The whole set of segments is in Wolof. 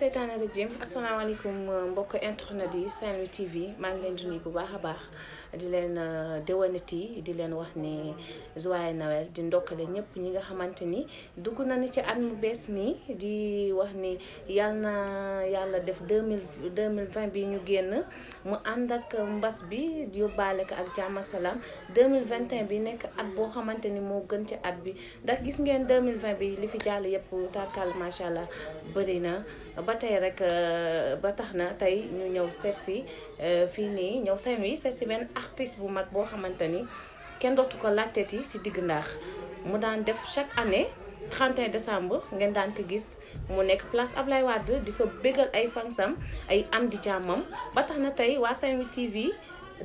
seytaane rajim asalaamaaleykum mbokk internet yi Saint Louis TV maa ngi leen di bu baax a baax di leen euh, déwanati di leen wax ni joyeux Noël di ndokkale ñëpp ñi nga xamante ni dugg nañu ci at mu bees mi di wax ni yal na yàlla def deux mille deux mille vingt bi ñu génn mu ànd ak mbas bi yóbbaale ko ak jàmm ak salaam mille vingt et bi nekk at boo xamante ni moo gën ci at bi ndax gis ngeen deux mille vingt bi li fi jàll yëpp tarkal macha allah bëri na ba tey rek euh, ba tax na tey ñu ñëw seet si euh, fii nii ñëw seen benn artiste bu mag boo xamante ni kenn dootu ko laajteeti ci diggu ndax mu daan def chaque année 31 décembre ngeen daan ko gis mu nekk place ab Ablaye wadd di fa bégal ay fansam ay am di jàmmam ba tax na tey waa Saint-Louis TV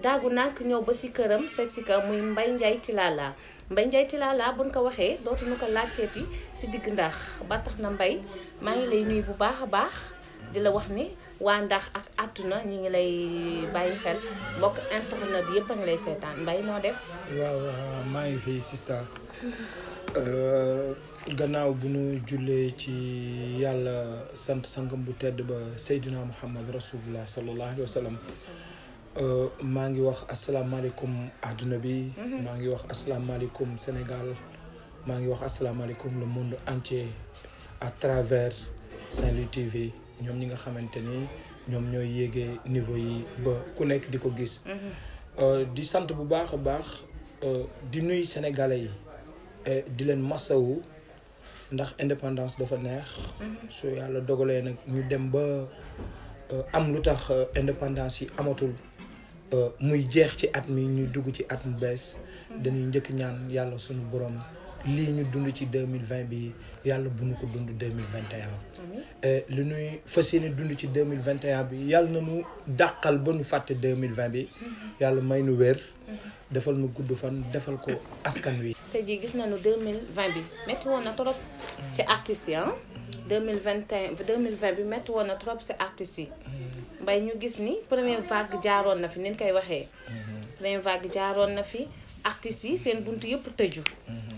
daagu nank ñëw ba ci këram seet si ka muy Mbaye Ndiaye Tilala Mbaye Ndiaye Tilala buñ ko waxee dootuñu ko laajteeti ci diggu ndaax ba tax na mbay maa ngi lay nuyu bu baax a baax. di la wax ni waa ndax ak àdduna ñi ngi lay bàyyi xel mbokk internet yëpp a ngi lay seetaan mbay noo def. waaw maa ngi fi sista euh, gannaaw bu nu jullee ci yàlla sant sangam bu tedd ba Seydina Muhammad rasulullah sallallahu alayhi wa sallam. Euh, maa ngi wax asalaamaaleykum àdduna bi. Mhm. maa ngi wax asalaamaaleykum Sénégal. maa ngi wax asalaamaaleykum le monde entier à travers Saint-Louis TV. ñoom ñi nga xamante ni ñoom ñooy yéege niveau yi ba ku nekk di ko gis. Mhm. Euh, di sant bu baax a baax euh, di nuy sénégalais yi di leen masawu ndax indépendance dafa neex. Mhm. su yàlla dogalee nag ñu dem ba euh, am lu tax indépendance yi amatul. muy jeex ci at mi ñuy dugg ci at mu bees mhm. dañuy njëkk ñaan yàlla sunu borom lii ñu dund ci deux mille vingt bi yàlla bu ñu ko dund deux mille vingt et un eh, li ñuy fas yéene dund ci deux mille vingt et un bi yàlla na ñu dàqal ba nu fàtte deux mille vingt bi mhm. yàlla may nu wér mhm. defal nu gudd fan defal ko askan wi. te ji gis nañu deux mille vingt bi métti na trop ci artistes yi ah. deux mille vingt et un mille vingt bi métti woon na trop ci artistes yi. Mhm. mbay ñu gis ni première vague jaaroon na fi ni koy waxee. première vague jaaroon na fi artistes yi seen bunt yëpp tëju.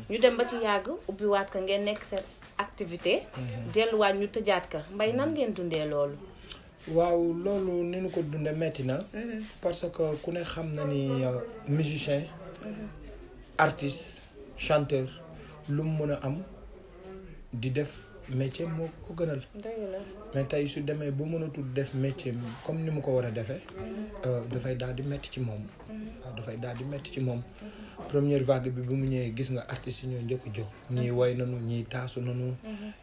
ñu dem ba ci yàgg ubbiwaat ka ngeen nekk seen activité. Mhm. delluwaat ñu tëjaat ka mbay nan mhm. ngeen dundee loolu. waaw loolu ni ñu ko dundee metti na. Mhm. parce que ku ne xam na ni euh, musicien. artiste chanteur lu mu mën a am di def métier moo ko gënal. mais tey su demee ba mënatul def métier comme ni mu ko war a defee. Euh, dafay daal di métti ci moom. dafay daal di métti ci moom. première vague bi bu mu ñëwee gis nga artistes yi ñoo njëkk a jóg ñii way nañu ñii taasu nañu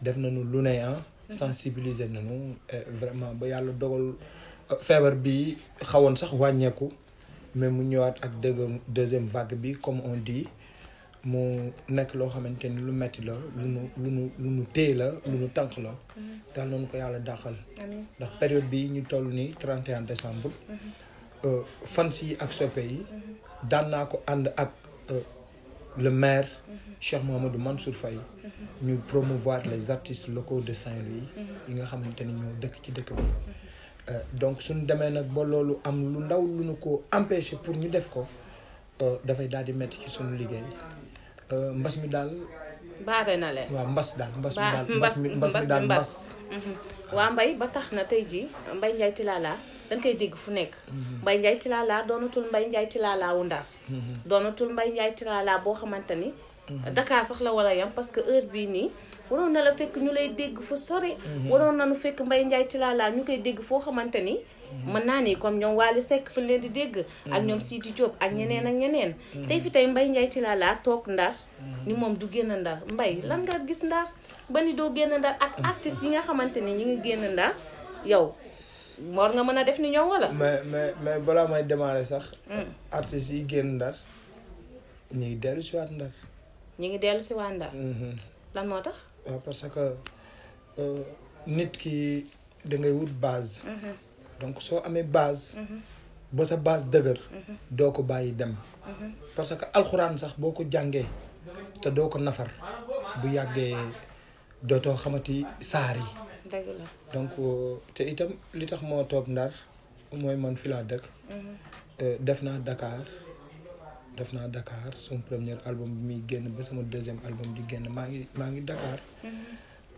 def nañu lu ne ah sensibiliser nañu eh, vraiment ba yàlla dogal eh, feebar bi xawoon sax wàññeeku mais mu ñëwaat ak deuxième vague bi comme on dit mu nekk loo xamante ni lu metti la lu nu lu nu lu nu téye la lu nu tànk la daal noonu ko yàlla dàqal ndax période bi ñu toll ni 31 décembre mhm. eh, fans yi ak soppe yi mhm daan naa ko and ak euh, le maire mhm. Cheikh mohamed Mansour fay mhm. ñu promouvoir les artistes locaux de Saint-Louis mhm. yi nga xamanteni ni ñoo dëkk ci dëkk bi euh, donc suñu demee nag ba loolu am lu ndaw lu ñu ko pour ñu def ko euh, dafay daal di metti ci suñu liggéey mbas mi daal baare na leen waaw mbas daal mbas mbas mbas mi daal mbas waa mbay ba tax na tey jii mbay njaay tilaala dañ koy dégg fu nekk mhm. mbay njaay tilaala doonatul mbay njaay tilaala wu ndar mhm. doonatul mbay njaay tilaala boo xamante ni mhm. Dakar sax la war a yam parce que heure bii nii waroon na la fekk ñu lay dégg fu sori waroon na nu fekk mbay njaay tilaala ñu koy dégg foo xamante Mm-hmm. mën naa ni comme ñoom Wally sekk fa leen di dégg ak ñoom mm-hmm. Sidi Diop ak ñeneen ak mm-hmm. ñeneen tey fi tey Mbaye Ndiaye Tilala toog Ndar ni moom du génn Ndar mbay lan nga gis Ndar ba ni doo génn Ndar ak artistes yi nga xamante ni ñi ngi génn Ndar yow moor nga mën a def ni ñoom wala mais mais mais sax mm. artistes génn Ndar ñu ngi dellu si waat Ndar ñu ngi dellu si waat Ndar lan moo tax waaw parce que euh, nit ki da ngay wut base donc soo amee base. Mhm. ba sa base dëgër. Mhm. doo ko dem. Mhm. parce que Al sax boo ko jàngee te doo ko nafar bu yàggee dootoo xamati donc euh, te itam li tax moo toog ndar mooy man fi laa dëkk. Euh, Dakar def Dakar premier album bi muy génn ba deuxième album di ngi Dakar.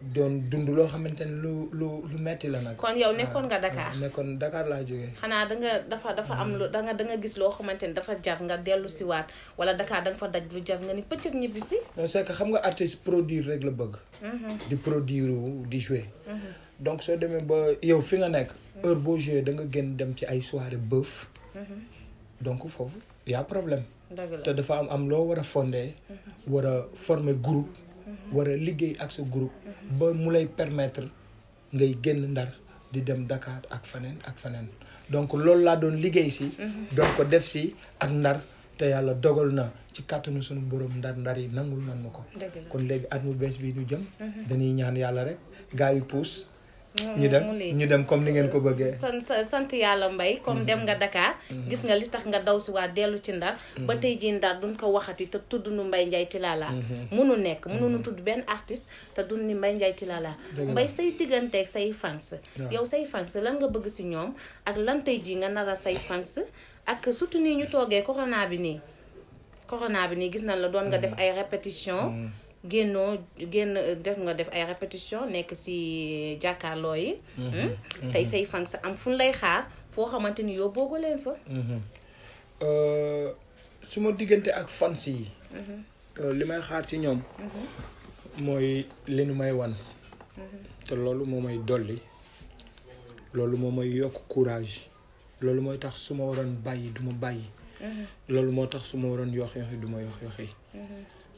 doon dund loo xamante ne lu lu lu metti la nag. kon yow ah, nekkoon nga Dakar nekkoon Dakar laa jógee. xanaa da nga dafa dafa am lu da da nga gis loo xamante ne dafa jar nga dellu si waat wala Dakar da nga fa daj lu jar nga ni pëccëg ñibbi si. non c'est que xam nga artiste produire rek la bëgg. Mhm. di produire di jouer. Mhm. donc soo demee ba yow fi nga nekk. heure boo jouer da nga génn dem ci ay soirée bëf. Mhm. donc foofu y a problème. te dafa am am loo war a fondé. war a former groupe. war a liggéey ak sa group ba mu lay permettre ngay génn ndar di dem Dakar ak faneen ak faneen donc loolu laa doon liggéey si. Mhm. doon ko def si ak ndar te yàlla dogal na ci kàttanu suñu borom ndar ndar yi nangul nan ma ko. kon léegi at mu bees bi ñu jëm. Mhm. dañuy ñaan yàlla rek gaa yi puus. Mm-hmm. ñu dem ñu dem comme ni ngeen ko bëggee. sant sant yàlla mbay comme mm-hmm. dem nga Dakar. Mm-hmm. gis nga li tax nga daw si waa dellu ci ndar. ba tey jii ndar duñ ko waxati te tudd nu Mbaye Ndiaye Tilala. munu nekk munu tudd benn artiste te duñ ni Mbaye Ndiaye Tilala. mbay say digganteeg say fans. yow say fans lan nga bëgg si ñoom ak lan tey jii nga nara say fans ak surtout nii ñu toogee corona bi nii. corona bi nii gis nañ la doon nga def ay répétition génnoo génn def nga def ay répétition nekk si jàkkaarloo yi mhm. Hmm? Mhm. tey say fan sa am fu lay xaar foo xamante ni yow boogo leen fa mhm. euh, su ma diggante ak fans yi euh, li may xaar ci ñoom mooy li may wan te loolu moo may dolli loolu moo may yokk courage loolu mooy tax su ma waroon bàyyi du ma bàyyi loolu moo tax su ma waroon yox yoxi du ma yox yoxi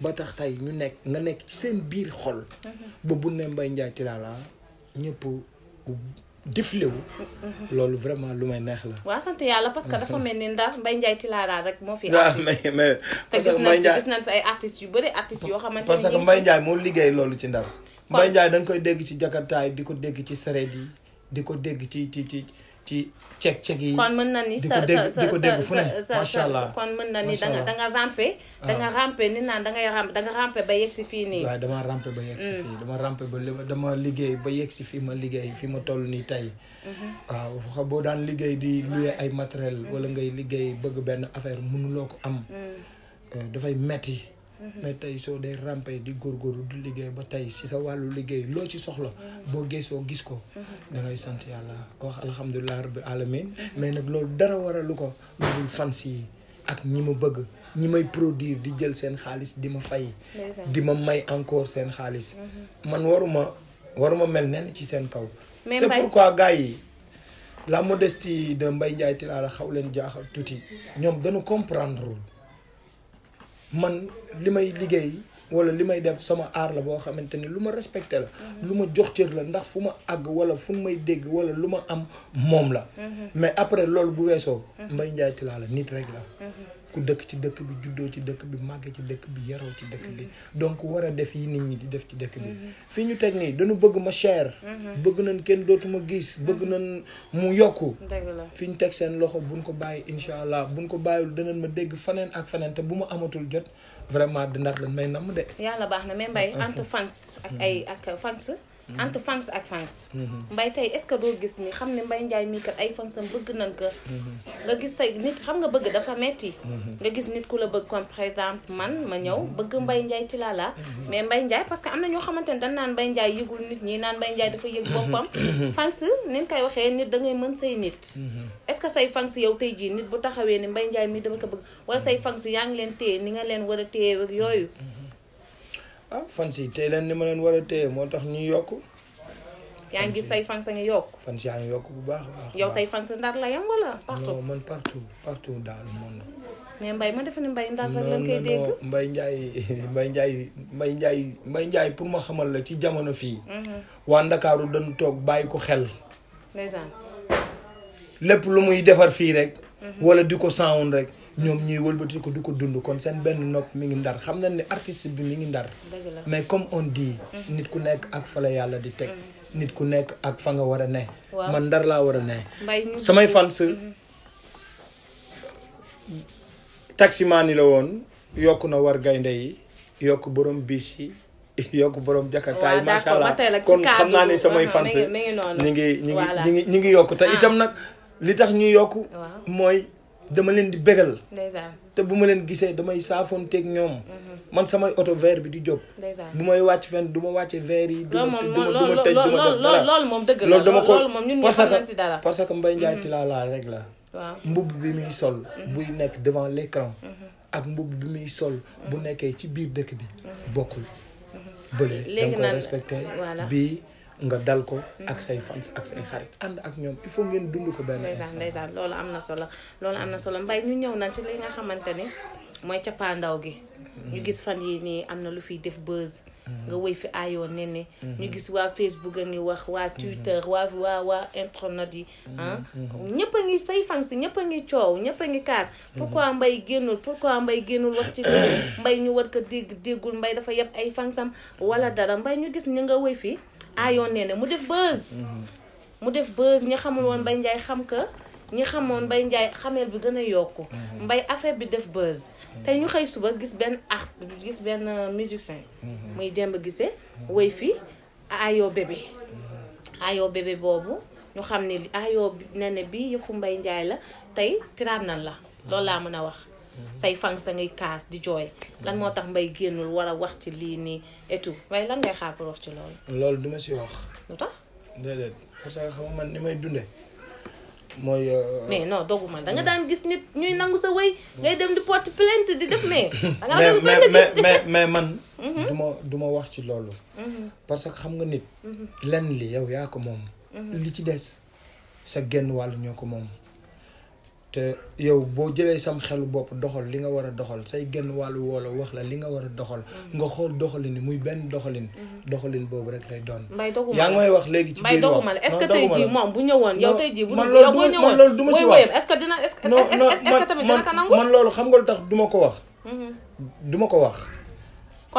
ba tax tey ñu nekk nga nekk ci seen biir xol. Mhm. ba bu ne Mbaye Ndiaye Tilala ñëpp défilé wu. Mhm. loolu vraiment lu may neex la. waaw sant yàlla parce que dafa mel ni ndax Mbaye Ndiaye Tilala rek moo fi. Ah, artiste waaw mais parce que te gis nañ fi ay artistes yu bëri artistes yoo xamante ne. parce que Mbaye Ndiaye moo liggéey loolu ci Ndar. Mbaye Ndiaye da koy dégg ci jakartaay di ko dégg ci sareet yi di ko dégg ci ci ci cek cek yi. kon mën na ni sa sa sa sa sa kon mën na ni da nga da nga rampe. Ah. da nga rampe ni naan dangay ngay rampe da nga ba yegg fii nii. waaw dama rampe ba yegg mm. fii dama rampe ba dama liggéey ba yegg si fii ma liggéey fii ma toll nii tey. Mm-hmm. waaw xam boo daan liggéey di luye ay matériel mm. wala ngay liggéey bëgg benn affaire mënuloo ko am. Mm. Eh, dafay metti mais tey soo dee rampé di góorgóorlu du liggéey ba tey si sa wàllu liggéey loo ci soxla boo geesoo gis ko da sant yàlla wax alhamdulilah rabbi alamin mais nag loolu dara waralu ko lu dul yi ak ñi ma bëgg ñi may produit di jël seen xaalis di ma fay di ma may encore seen xaalis man waruma waruma mel nen ci seen kaw c'est pourquoi gars yi la modestie de Mbaye Ndiaye Tilala xaw leen jaaxal tuuti ñoom dañu comprendre man li may liggéey wala li may def sama aar la boo xamante ni lu ma respecté la mhm. lu ma jox cër la ndax fu ma àgg wala fu may dégg wala lu ma am moom la mhm. mais après loolu bu weesoo mhm. Mbaye Ndiaye Tilala nit rek la ku dëkk ci dëkk bi juddoo ci dëkk bi màgg ci dëkk bi yaroo ci dëkk bi mm-hmm. donc war a def yi nit ñi di def ci dëkk bi mm-hmm. fi ñu teg nii danu bëgg ma chair mm-hmm. bëgg nañ kenn dootuma gis bëgg nañ mu yokku fi ñu teg seen loxo buñ ko bàyyi incha allah buñ ko bàyyiwul danañ ma dégg faneen ak faneen te bu ma amatul jot vraiment di ndax lañ may namm de yàlla baax na mais Mbaye ant fans ak ay ak fans entre fans ak fans mbay tey est-ce que doo gis ni xam ne mbay Ndiaye mii kat ay fansam bëgg nañ ko nga gis say nit xam nga bëgg dafa metti nga gis nit ku la bëgg comme par exemple man ma ñëw bëgg Mbaye Ndiaye Tilala mais Mbaye Ndiaye parce que am na ñoo xamante ne dañ naan Mbaye Ndiaye yëgul nit ñi naan Mbaye Ndiaye dafa yëg boppam fans nin koy waxee nit da mën say nit est-ce que say fans yow tey jii nit bu taxawee ni Mbaye Ndiaye mii dama ko bëgg wala say fans yaa ngi leen téye ni nga leen war a téye ak yooyu ah fans yi téye leen ma leen war a téye moo tax ñuy yokk. yaa ngi gis say fans a ngi yokk. fans yaa ngi yokk bu baax a baax. yow say fans Ndar la yam wala partout. partout partout daal monde. mais Mbaye ma defe ne Mbaye Ndar rek lañ koy dégg. Mbaye Ndiaye pour ma xamal la ci jamono fii. Mhm. waa Ndakaaru dañu toog bàyyi ko xel. ndeysaan. lépp lu muy defar fii rek. Mhm. wala di ko saawoon rek. Nyom nyi wëlbati ko di ko dund kon seen benn nopp mi ngi ndar xam nañ ne artiste bi mi ngi ndar mais comme on dit mm-hmm. nit ku nekk ak fa la yàlla di mm-hmm. nit ku nekk ak fa nga war a ne man ndar laa war a ne samay fans mm-hmm. taximaan yi la woon yokk na war gaynde yi yokk borom bis yi borom jakartaay macha allah kon xam ni samay fans ñi ngi ngi ngi ah. itam nak li tax ñuy yokk dama leen di bégal. te bu ma leen gisee damay saafoonteeg ñoom. Mm-hmm. man samay oto vert bi di jóg. bu may wàcc fen du ma wàcce vert yi. du ma du ma tëj du ma def dara loolu moom dëgg la loolu moom ñun ñëpp xam nañ si dara parce que Mbaye Ndiaye mm-hmm. Tila la la. waaw mbubb bi muy sol. Mm-hmm. buy nekk devant l'écran ak mbubb bi muy sol. bu nekkee ci biir dëkk bi. bokkul. bële da koy respecté bii. nga dal ko ak say fans ak say xarit ànd ak ñoom il faut am na solo loolu am na solo mbay ñu ñëw na ci nga xamante ni mooy cappaandaw gi ñu gis fan yi nii am na lu fiy def buzz nga wéy fi aayoo ne ne ñu gis waa Facebook a ngi wax waa Twitter waa waa waa internet yi ah ñëpp a ngi fan si ñëpp ngi coow ñëpp a ngi kaas pourquoi mbay génnul pourquoi mbay génnul wax ci mbay ñu war ko dégg déggul mbay dafa yeb ay fansam wala dara mbay ñu gis ñu nga wéy fii aayoon nee mu def buzz. mu def buzz ñi xamul woon Mbaye Ndiaye xam ka ñi xamoon Mbaye Ndiaye xameel bi gën a yokku mhm. mbay affaire bi def buzz. Mhm. tey ñu xëy suba gis benn art gis benn euh, musicien. Mhm. muy Demba gise woy fi aayoo bébé aayoo bébé boobu ñu xam ne aayoo nee na bi yëfu Mbaye Ndiaye la tey piraan nan la loolu laa mën a wax Mhm. say fang sa ngay kaas di joy lan moo tax mbay génnul wala wax ci lii nii et tout waaye lan ngay xaar pour wax ci loolu. loolu du ma si wax. lu tax. déedéet parce que xam man ni may dundee mooy. Euh, mais non dogu ma mm. da nga daan gis nit ñuy nangu sa way ngay dem di porte plainte di def mais. da nga mais mais mais mais man. Mhm. du ma du ma wax ci loolu. Mhm. parce que xam nga nit. lenn li yow yaa ko moom. li ci des sa genn wàll ñoo ko moom. te yow boo jëlee sam xelu bopp doxal li nga war a doxal say genn wàllu woola wax la li nga war a doxal nga xool doxalin muy benn doxalin doxalin boobu rek lay doon yaa ngi may wax léegi ci biir wax est-ce que tey jii moom bu ñëwoon yow tey jii bu yow boo ñëwoon loolu du ma wax est-ce que dina est-ce que tamit dina ka nangu man loolu xam nga lu tax duma ko wax du ma ko wax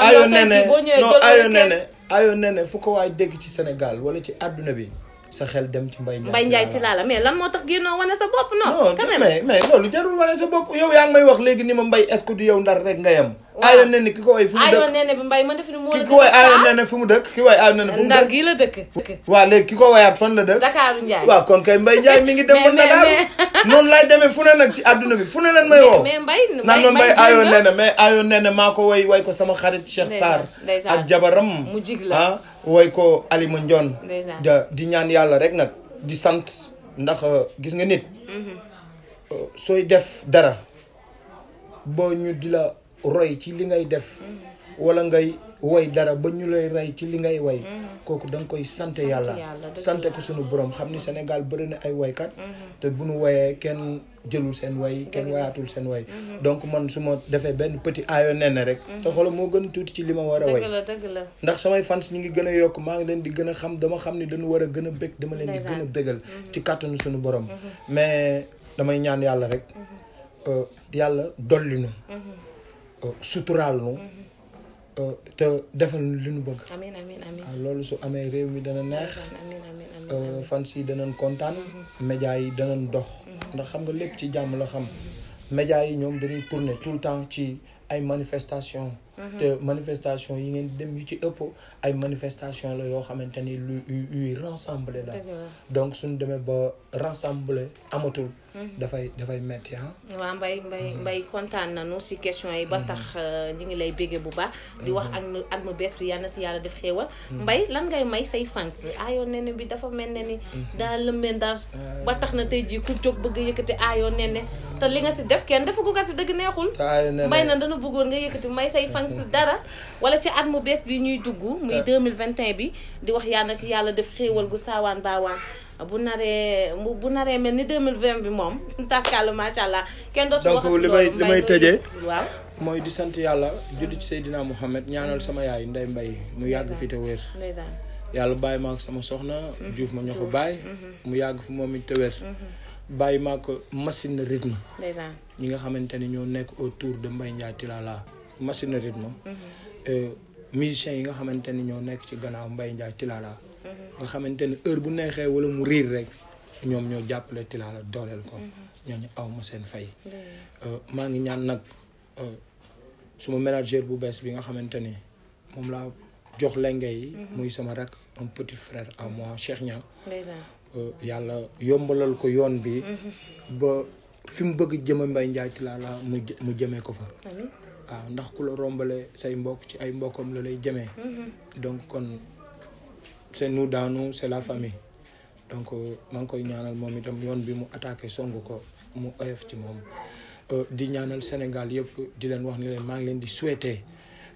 ayo nene non ayo nene ayo nene fu ko waay dégg ci Sénégal wala ci àdduna bi sa xel dem ci Mbaye Ndiaye. Mbaye Ndiaye Tilala lan moo tax génnoo la. ki ko way aayoon na ne fu mu dëkk ki way aayoon na ne fu mu dëkk ndar gii la dëkk. waaw léegi ki ko wayaat noonu laay demee fu ne nag ci àdduna bi fu ne leen may woo. mais Mbaye Mbaye naan maa ko way way ko sama xarit Cheikh Sarr ak jabaram mu jig la ah, woy ko Alima Ndione di ñaan yàlla rek nag di sant ndax euh, gis nga nit mhm. euh, sooy def dara ba ñu di la roy ci li ngay def mhm. wala ngay woy dara ba ñu lay rey ci li ngay way mm-hmm. kooku da nga koy sant yàlla sant ko suñu borom xam ni Sénégal bëri na ay woykat mm-hmm. te bu nu woyee kenn jëlul seen way kenn wayaatul seen way mm-hmm. donc man su ma defee benn petit aayo nen rek te xolo moo gën tuuti ci li ma war a way ndax samay fans ñi ngi gën a yokk maa ngi leen di gën a xam dama xam ni dañu war a gën a bég dama leen di gën a bégal ci kàttanu suñu borom mais damay ñaan yàlla rek euh, yàlla dolli nu euh, Euh, te defal lu ñu bëgg. amiin amiin ah, loolu su amee réew mi dana neex. Euh, fan si danañ kontaan. Mm-hmm. média yi danañ dox. Mm-hmm. ndax xam nga lépp ci jàmm la xam. Mm-hmm. média yi ñoom dañuy tourner tout le temps ci ay manifestation te manifestation yi ngeen dem yu ci ëpp ay manifestation la yoo xamante ni lu yuy rassembler la. donc suñu demee ba rassembler amatul. Mhm. dafay dafay métti ah. waaw mbay mbay mhm. mbay kontaan nu si question yi ba mhm. tax euh, ñu ngi lay béggee bu baax. di wax ak at mu bees bi yal si yàlla def xéewal. mbay lan ngay may say fans aayoo nene bi dafa mel ne ni. daa lëmbee ndar euh. ba tax na tey jii ku bëgg a yëkkati aayoo nene te li nga si def kenn dafa ko si dëgg neexul. mbay na dana bëggoon nga yëkkati may say fans dara. wala ci at mu bees bi ñuy dugg. muy 2021 bi di wax yal na yàlla def xéewal gu saawaan baawaan. bu naree bu naree mel ni 2020 bi moom tarkaalu macha allah kenn dootu wax donc li may li may tëjee waaw mooy di sant yàlla juddu ci Seydina Mouhamed ñaanal sama yaay Ndeye Mbaye mu yàgg fi te wér yàlla bàyyi ma ak sama soxna mm-hmm. Diouf ma ñoo ko bàyyi mm-hmm. mu yàgg fi moom it te wér mm-hmm. bàyyi ma ko machine rythme ñi nga xamante ni ñoo nekk autour de Mbaye Ndiaye Tilala machine rythme euh, musiciens yi nga xamante ni ñoo nekk ci gannaaw Mbaye Ndiaye Tilala nga xamante ni heure bu neexee wala mu riir rek ñoom ñoo jàppale Tilala dooleel ko mm-hmm. ñoo aw ma seen fay euh, maa ngi ñaan nag euh, suma manager bu bees bi nga xamante ni moom laa jox lenge yi mm-hmm. muy sama rak un petit frère à moi Cheikh Niang euh, yàlla yombalal ko yoon bi mm-hmm. ba fi mu bëgg jëma Mbaye Ndiaye Tilala mu mu jëmee ko fa waaw ndax ku la rombale say mbokk ci ay mbokkam la lay mhm. donc kon seen nous dans c'est la famille donc euh, maa ngi koy ñaanal moom itam yoon bi mu attaqué song ko mu oyof ci moom euh, di ñaanal Sénégal yëpp di leen wax ni leen maa ngi leen di souhaiter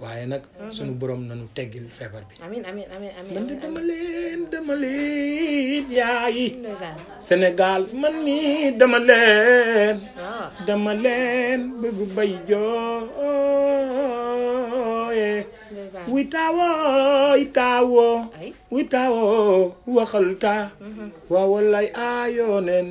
waaye nag. sunu borom nanu teggil feebar bi. amiin amiin amiin amiin man de man nii dama leen. dama leen ah. bay jooyee. wuy taawoo taawoo. wuy taawoo waxal taa. Mhm. waaw aayooneen.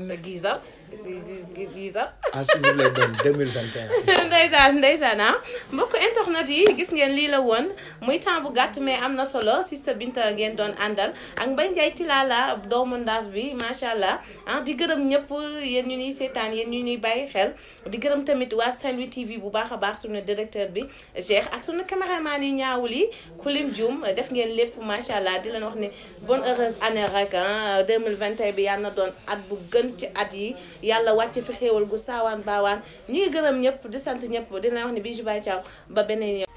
di di di sax. assuré les benn 2021. ndeysaan ndeysaan ah mbokk internet yi gis ngeen lii la woon muy temps bu gàtt mais am na solo si sa Binta ngeen doon àndal ak Mbaye Ndiaye Tilala doomu ndaaf bi macha allah ah di gërëm ñëpp yéen ñu ñuy seetaan yéen ñu ñuy bàyyi xel di gërëm tamit waa Saint-Louis TV bu baax a baax suñu directeur bi Cheikh ak suñu caméraman yi ñaawul yi Koulim Dioum def ngeen lépp macha allah di leen wax ne bonne heureuse année rek ah 2021 bi yàlla doon at bu gën ci at yi yàlla wàcc fi xéewal gu saawaan baawaan ñi ngi gërëm ñëpp di sant ñëpp dina wax ne bi ju ba beneen